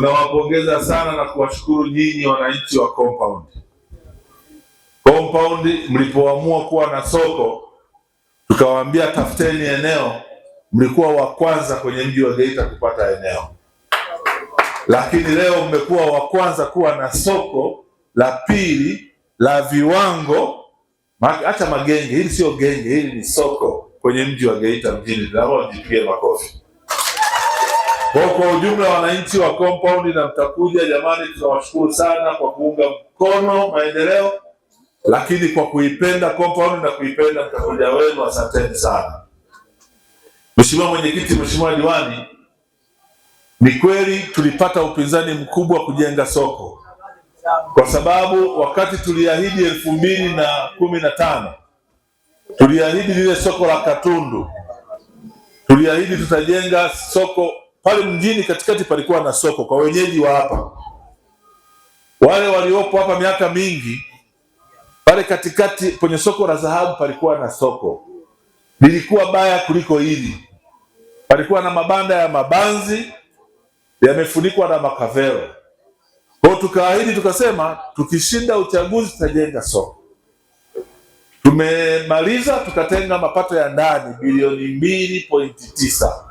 tunawapongeza sana na kuwashukuru nyinyi wananchi wa compound. Compound mlipoamua kuwa na soko, tukawaambia tafuteni eneo, mlikuwa wa kwanza kwenye mji wa Geita kupata eneo, lakini leo mmekuwa wa kwanza kuwa na soko la pili la viwango hata magenge. Hili sio genge, hili ni soko kwenye mji wa Geita mjini. Naomba mjipigie makofi. Kwa kwa ujumla wananchi wa compound na Mtakuja, jamani, tunawashukuru sana kwa kuunga mkono maendeleo, lakini kwa kuipenda compound na kuipenda Mtakuja wenu, asanteni sana. Mheshimiwa Mwenyekiti, Mheshimiwa Diwani, ni kweli tulipata upinzani mkubwa kujenga soko, kwa sababu wakati tuliahidi elfu mbili na kumi na tano tuliahidi lile soko la Katundu, tuliahidi tutajenga soko pale mjini katikati palikuwa na soko kwa wenyeji wa hapa, wale waliopo hapa miaka mingi. Pale katikati kwenye soko la dhahabu palikuwa na soko, lilikuwa baya kuliko hili. Palikuwa na mabanda ya mabanzi yamefunikwa na makavero. kwao. tukaahidi tukasema, tukishinda uchaguzi tutajenga soko. Tumemaliza, tukatenga mapato ya ndani bilioni mbili pointi tisa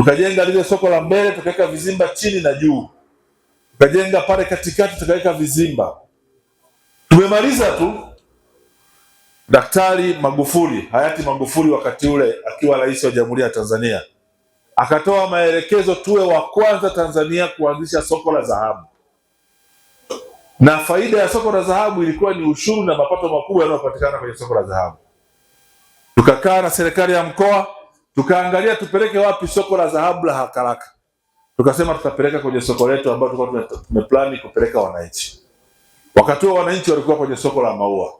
tukajenga lile soko la mbele tukaweka vizimba chini na juu, tukajenga pale katikati tukaweka vizimba. Tumemaliza tu, Daktari Magufuli, hayati Magufuli, wakati ule akiwa rais wa Jamhuri ya Tanzania, akatoa maelekezo tuwe wa kwanza Tanzania kuanzisha soko la dhahabu, na faida ya soko la dhahabu ilikuwa ni ushuru na mapato makubwa yanayopatikana kwenye soko la dhahabu. Tukakaa na serikali ya mkoa tukaangalia tupeleke wapi soko la dhahabu la Hakaraka. Tukasema tutapeleka kwenye soko letu ambalo tulikuwa tumeplani kupeleka wananchi. Wakati huo wananchi walikuwa kwenye soko la maua.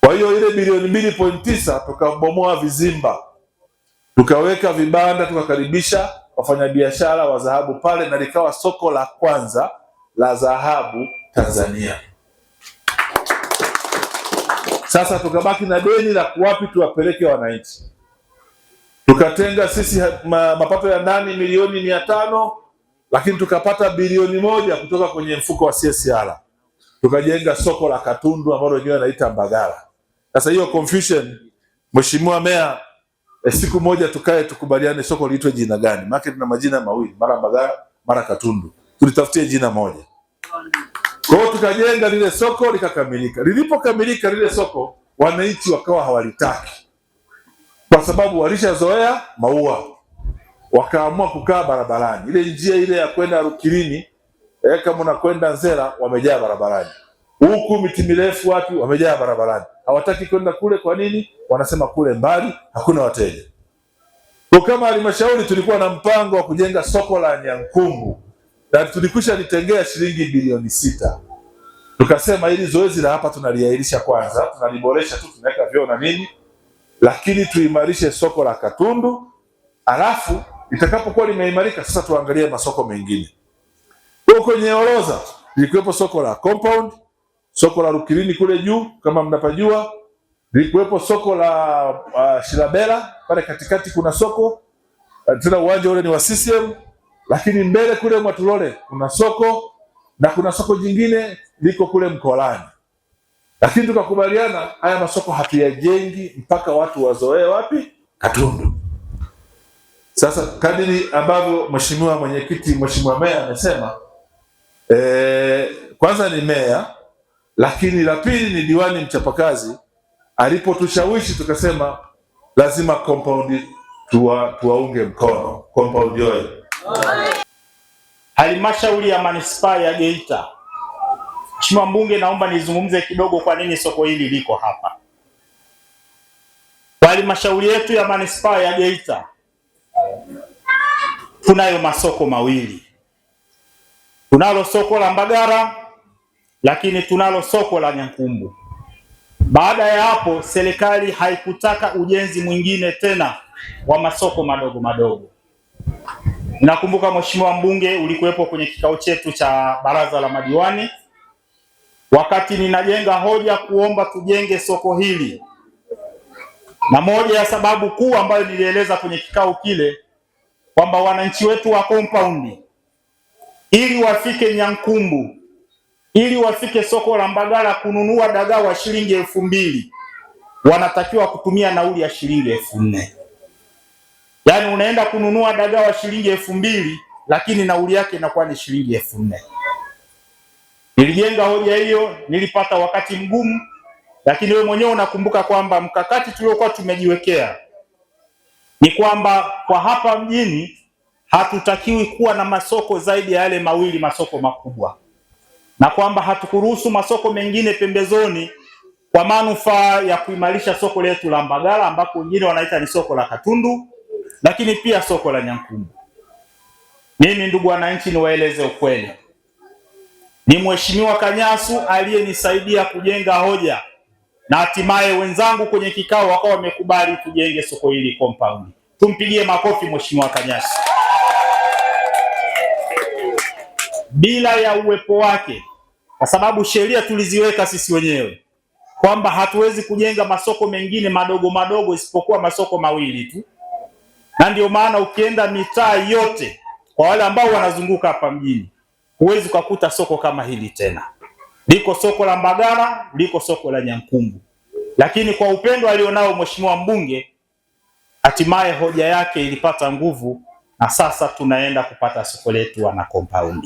Kwa hiyo ile bilioni mbili pointi tisa tukabomoa vizimba, tukaweka vibanda, tukakaribisha wafanyabiashara wa dhahabu pale, na likawa soko la kwanza la dhahabu Tanzania. Sasa tukabaki na deni la kuwapi tuwapeleke wananchi tukatenga sisi ma, mapato ya ndani milioni mia tano lakini tukapata bilioni moja kutoka kwenye mfuko wa CSR tukajenga soko la Katundu ambalo wenyewe wanaita Mbagala. Sasa hiyo confusion, mheshimiwa meya, e, siku moja tukae tukubaliane soko liitwe jina gani, maana tuna majina mawili, mara Mbagala mara Katundu, tulitafutie jina moja. Kwa hiyo tukajenga lile soko likakamilika. Lilipokamilika lile soko, wananchi wakawa hawalitaki kwa sababu walishazoea maua, wakaamua kukaa barabarani. Ile njia ile ya kwenda Rukirini eh, kama unakwenda Nzera, wamejaa barabarani, huku miti mirefu, watu wamejaa barabarani, hawataki kwenda kule. Kwa nini? Wanasema kule mbali, hakuna wateja. Kwa kama halmashauri tulikuwa na mpango wa kujenga soko la Nyankumbu na tulikwisha litengea shilingi bilioni sita tukasema ili zoezi la hapa tunaliahirisha kwanza, tunaliboresha tu, tunaweka vyoo na nini lakini tuimarishe soko la Katundu, alafu itakapokuwa limeimarika sasa tuangalie masoko mengine. Huko kwenye orodha lilikuwepo soko la Compound, soko la Rukirini kule juu kama mnapajua, lilikuwepo soko la uh, Shirabela pale katikati, kuna soko uh, tena, uwanja ule ni wa CCM, lakini mbele kule Mwatulole kuna soko na kuna soko jingine liko kule Mkolani. Lakini tukakubaliana haya masoko hatuyajengi mpaka watu wazoee wapi? Katundu. Sasa kadiri ambavyo mheshimiwa mwenyekiti, mheshimiwa meya amesema e, kwanza ni meya, lakini la pili ni diwani mchapakazi alipotushawishi tukasema lazima compound tuwa, tuwaunge mkono compound yoyo. Halmashauri ya manispaa ya Geita Mheshimiwa Mbunge, naomba nizungumze kidogo kwa nini soko hili liko hapa. Kwa halmashauri yetu ya manispaa ya Geita tunayo masoko mawili, tunalo soko la Mbagara lakini tunalo soko la Nyankumbu. Baada ya hapo, serikali haikutaka ujenzi mwingine tena wa masoko madogo madogo. Nakumbuka Mheshimiwa Mbunge, ulikuwepo kwenye kikao chetu cha baraza la madiwani Wakati ninajenga hoja kuomba tujenge soko hili, na moja ya sababu kuu ambayo nilieleza kwenye kikao kile kwamba wananchi wetu wa compound ili wafike Nyankumbu, ili wafike soko la Mbagala kununua dagaa wa shilingi elfu mbili wanatakiwa kutumia nauli ya shilingi elfu nne Yaani unaenda kununua dagaa wa shilingi elfu mbili lakini nauli yake inakuwa ni shilingi elfu nne Nilijenga hoja hiyo, nilipata wakati mgumu, lakini wewe mwenyewe unakumbuka kwamba mkakati tuliokuwa tumejiwekea ni kwamba kwa hapa mjini hatutakiwi kuwa na masoko zaidi ya yale mawili masoko makubwa, na kwamba hatukuruhusu masoko mengine pembezoni kwa manufaa ya kuimarisha soko letu la Mbagala ambapo wengine wanaita ni soko la Katundu, lakini pia soko la Nyankumbu. Mimi ndugu wananchi, niwaeleze ukweli ni Mheshimiwa Kanyasu aliyenisaidia kujenga hoja na hatimaye wenzangu kwenye kikao wakawa wamekubali tujenge soko hili compound. Tumpigie makofi Mheshimiwa Kanyasu. Bila ya uwepo wake, kwa sababu sheria tuliziweka sisi wenyewe kwamba hatuwezi kujenga masoko mengine madogo madogo isipokuwa masoko mawili tu, na ndio maana ukienda mitaa yote, kwa wale ambao wanazunguka hapa mjini huwezi ukakuta soko kama hili tena. Liko soko la Mbagala, liko soko la Nyankumbu. Lakini kwa upendo alionao mheshimiwa mbunge, hatimaye hoja yake ilipata nguvu, na sasa tunaenda kupata soko letu wana compound.